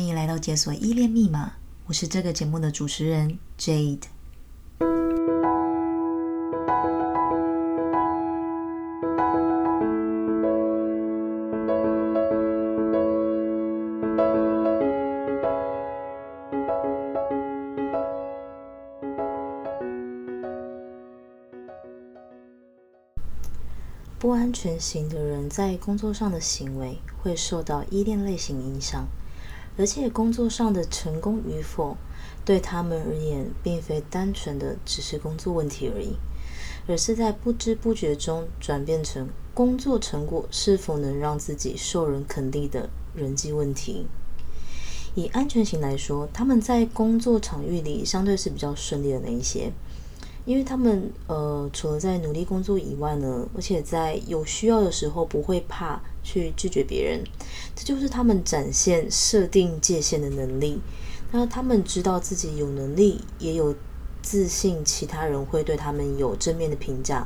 歡迎來到《解鎖依戀密碼》，我是這個節目的主持人 Jade。不安全型的人在工作上的行為會受到依戀類型影響。而且工作上的成功與否，對他們而言，並非單純的只是工作問題而已，而是在不知不覺中轉變成工作成果是否能讓自己受人肯定的人際問題。以安全型來說，他們在工作場域裡相對是比較順利的那一些。因為他們呃，除了在努力工作以外呢，而且在有需要的時候不會怕去拒絕別人，這就是他們展現設定界限的能力。那他們知道自己有能力，也有自信，其他人會對他們有正面的評價。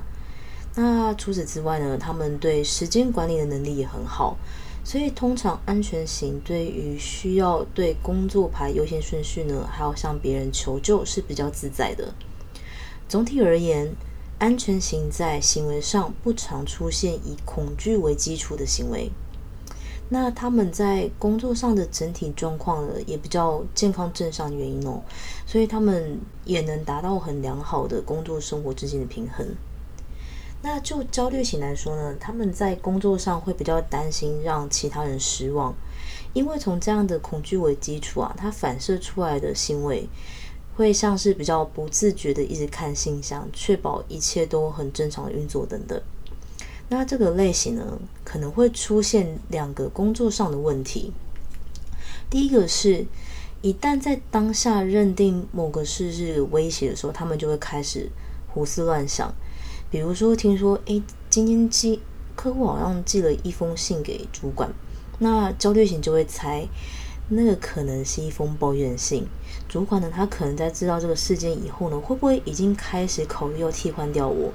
那除此之外呢，他們對時間管理的能力也很好，所以通常安全型對於需要對工作排優先順序呢，還有向別人求救是比較自在的。總體而言，安全型在行為上不常出現以恐懼為基礎的行為。那他們在工作上的整體狀況呢，也比較健康正常的原因哦，所以他們也能達到很良好的工作生活之間的平衡。那就焦慮型來說呢，他們在工作上會比較擔心讓其他人失望，因為從這樣的恐懼為基礎啊，它反射出來的行為。會像是比較不自覺的一直看信箱，確保一切都很正常的運作等等。那這個類型呢，可能會出現兩個工作上的問題。第一個是，一旦在當下認定某個事是威脅的時候，他們就會開始胡思亂想。比如說，聽說哎，今天寄客戶好像寄了一封信給主管，那焦慮型就會猜。那個可能是一封抱怨信。主管呢，他可能在知道這個事件以後呢，會不會已經開始考慮要替換掉我？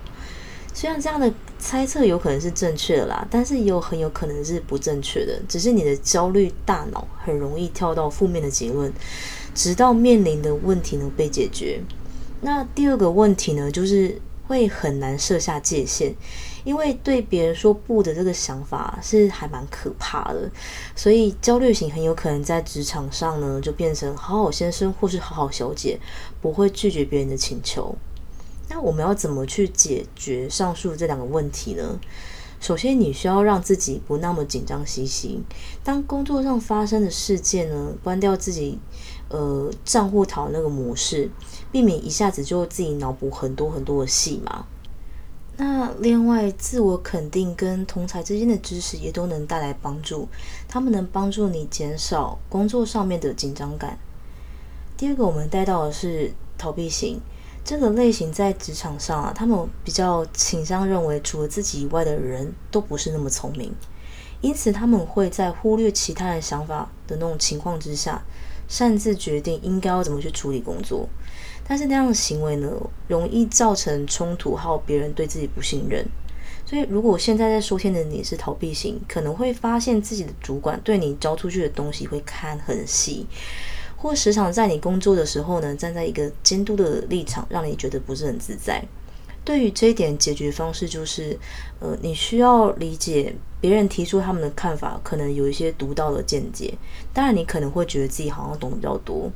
雖然這樣的猜測有可能是正確的啦，但是也有很有可能是不正確的，只是你的焦慮大腦很容易跳到負面的結論，直到面臨的問題呢被解決。那第二個問題呢，就是。會很難設下界限，因為對別人說不的這個想法是還蠻可怕的，所以焦慮型很有可能在職場上呢，就變成好好先生或是好好小姐，不會拒絕別人的請求。那我們要怎麼去解決上述這兩個問題呢？首先，你需要讓自己不那麼緊張兮兮。當工作上發生的事件呢，關掉自己呃賬戶討那個模式，避免一下子就自己腦補很多很多的戲嘛。那另外，自我肯定跟同儕之間的知識也都能帶來幫助，他們能幫助你減少工作上面的緊張感。第二個，我們帶到的是逃避型。這個類型在職場上啊，他們比較傾向認為除了自己以外的人都不是那麼聰明，因此他們會在忽略其他人想法的那種情況之下，擅自決定應該要怎麼去處理工作。但是那樣的行為呢，容易造成衝突，還有別人對自己不信任。所以如果現在在收聽的你是逃避型，可能會發現自己的主管對你交出去的東西會看很細。或時常在你工作的時候呢，站在一個監督的立場，讓你覺得不是很自在。對於這一點，解決方式就是，呃，你需要理解別人提出他們的看法，可能有一些獨到的見解。當然，你可能會覺得自己好像懂比較多。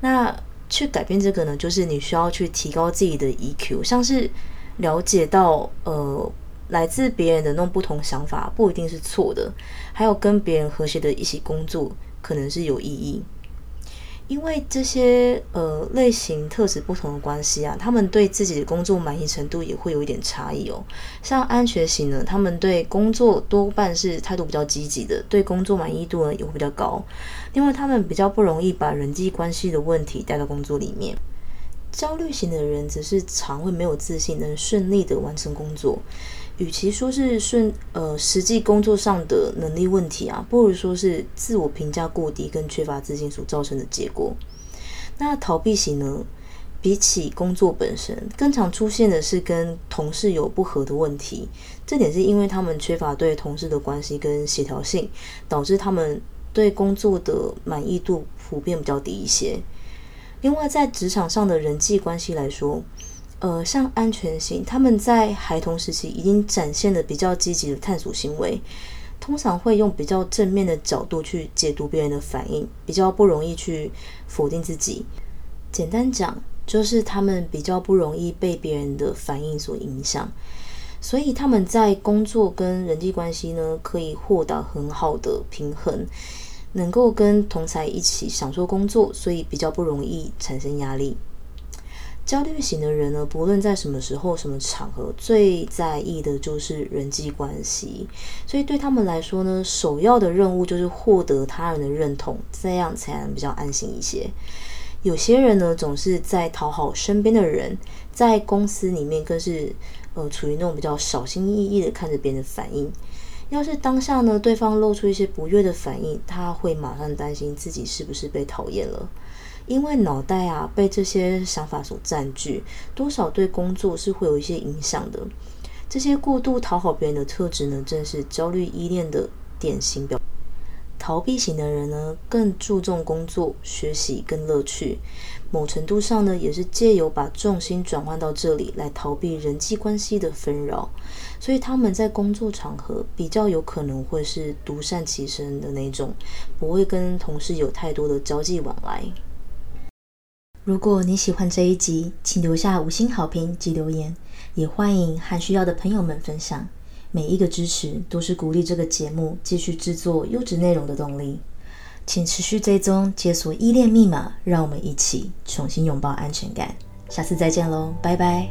那去改變這個呢，就是你需要去提高自己的 EQ，像是了解到，呃，來自別人的那種不同想法不一定是錯的，還有跟別人和諧的一起工作，可能是有意義。因為這些呃類型特質不同的關係啊，他們對自己的工作滿意程度也會有一點差異哦。像安全型呢，他們對工作多半是態度比較積極的，對工作滿意度呢也會比較高，因為他們比較不容易把人際關係的問題帶到工作裡面。焦慮型的人則是常會沒有自信，能順利的完成工作。與其說是順呃，實際工作上的能力問題啊，不如說是自我評價過低跟缺乏自信所造成的結果。那逃避型呢，比起工作本身更常出現的是跟同事有不合的問題。這點是因為他們缺乏對同事的關係跟協調性，導致他們對工作的滿意度普遍比較低一些。另外，在職場上的人際關係來說，呃，像安全型，他們在孩童時期已經展現了比較積極的探索行為，通常會用比較正面的角度去解讀別人的反應，比較不容易去否定自己。簡單講，就是他們比較不容易被別人的反應所影響，所以他們在工作跟人際關係呢，可以獲得很好的平衡。能夠跟同儕一起享受工作，所以比較不容易產生壓力。焦慮型的人呢，不論在什麼時候、什麼場合，最在意的就是人際關係，所以對他們來說呢，首要的任務就是獲得他人的認同，這樣才能比較安心一些。有些人呢，總是在討好身邊的人，在公司裡面更是呃，處於那種比較小心翼翼的看着別人的反應。要是當下呢，對方露出一些不悅的反應，他會馬上擔心自己是不是被討厭了，因為腦袋啊被這些想法所佔據，多少對工作是會有一些影響的。這些過度討好別人的特質呢，正是焦慮依戀的典型表現。逃避型的人呢，更注重工作、學習跟樂趣，某程度上呢，也是借由把重心轉換到這裡來逃避人際關係的紛擾，所以他們在工作場合比較有可能會是獨善其身的那種，不會跟同事有太多的交際往來。如果你喜歡這一集，請留下五星好評及留言，也歡迎和需要的朋友們分享。每一個支持都是鼓勵這個節目繼續制作優質內容的動力，請持續追蹤，解鎖依戀密碼，讓我們一起重新擁抱安全感。下次再見嘍，拜拜。